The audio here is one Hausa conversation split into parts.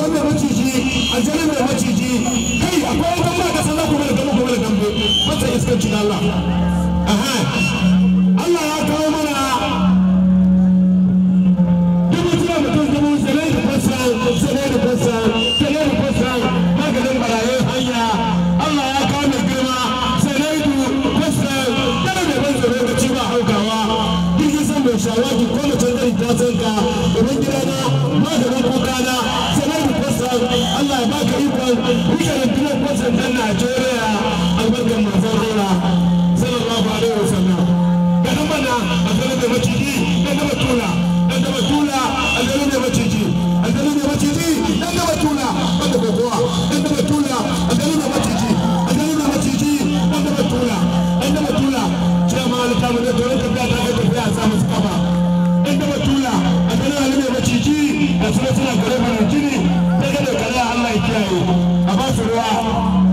akwai mai maciji aljanin mai maciji kai akwai wata ba kasa za ku bada dambe ku bada dambe fata iskanci da Allah aha Allah ya kawo mana duk mutum mutum dubu sanai da fasa sanai da fasa sanai da fasa maganin barayin hanya Allah ya kawo mai girma sanai da fasa kada mai ban tsoro ka ci ba haukawa duk yasan mai shawaki ko mutum ɗari ta san ka ubangida na bisa da kuma kwasantar najeriya albarkar manzan rola sallallahu alaihi wasallam ga nan mana aljanu da maciji da maciji da maciji da maciji da maciji cewa ma mu tafiya ta ga tafiya a samu kafa da maciji da suna suna gare mana jini ta gada gada Allah ya kiyaye a ba su ruwa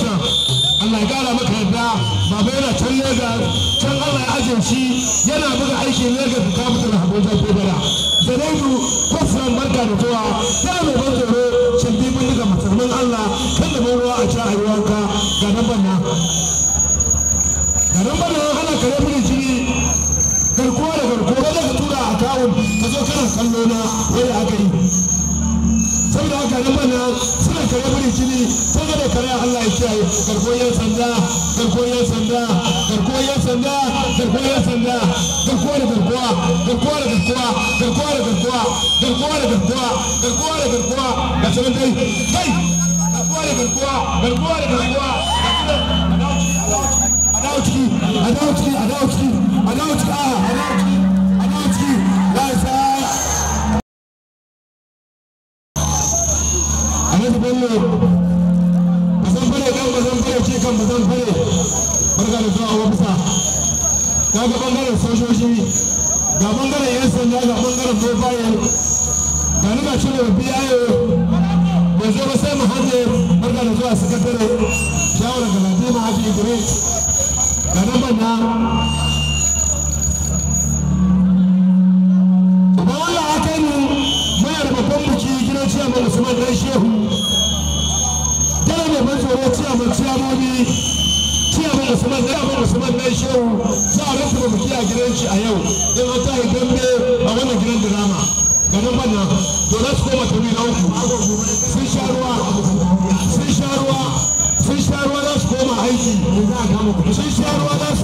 Hassan Allah ya gara maka yarda baba yana can Lagos can Allah ya ajiye shi yana buga aikin Lagos ta mutu da Abuja ko bara zanenu Kwasran barka da zuwa yana mai ban tsoro shan bi mun daga Allah kan da ruwa a can ayyuwanka ga nan banna ga nan banna hana kare mini jini garkuwa da garkuwa kada ka tura a kawun ka zo kana kallo na wani aka yi saboda haka nan banna suna kare mini jini garkuwar yan sanda garkuwar da garkuwa garkuwa da garkuwa garkuwa da garkuwa a dawo ciki a dawo ciki a a dawo ciki a a dawo ciki ya kan bazan fare barka da zuwa wafisa ga ga bangaren sojoji ga bangaren yan sanda ga bangaren mobile ga nuna cire da biyayo da zo ba sai mu hande barka da zuwa sakatare ga galadima haji gure ga nan banna Usman Shehu yau za a rasa biki a gidan shi a yau in an ta dambe a wannan gidan drama ganin banna to za su koma tuni na uku sun sha ruwa sun sha ruwa sun sha ruwa za su koma aiki sun sha ruwa za su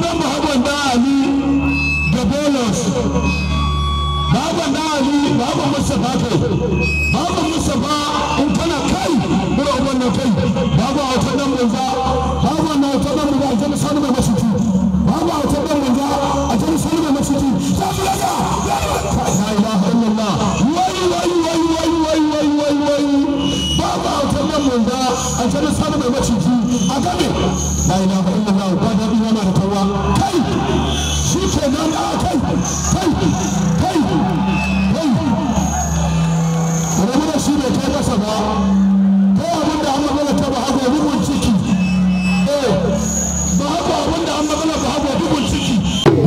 damben bahagon ali da bolos ali mustapha kai bahagon mustapha in kana kai mura wannan kai bahagon wata dan banza bahagon na wata dan a jami sanu mai masuci bahagon a jami sanu mai wata a jami sanu mai masuci a gami la ilaha illallah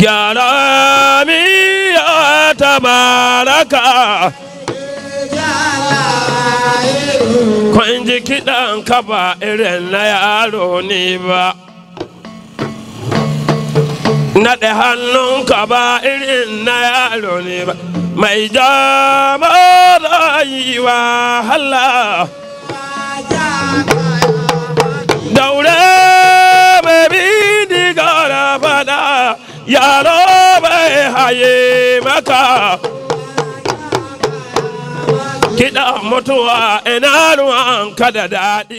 ya rami ya tabaraka kun ji kiɗan ka ba irin na yaro ni ba naɗe ka ba irin na yaro ni ba mai jama rayuwa hala daure yaro bai haye maka kiɗa mutuwa ina ruwan ka da daɗi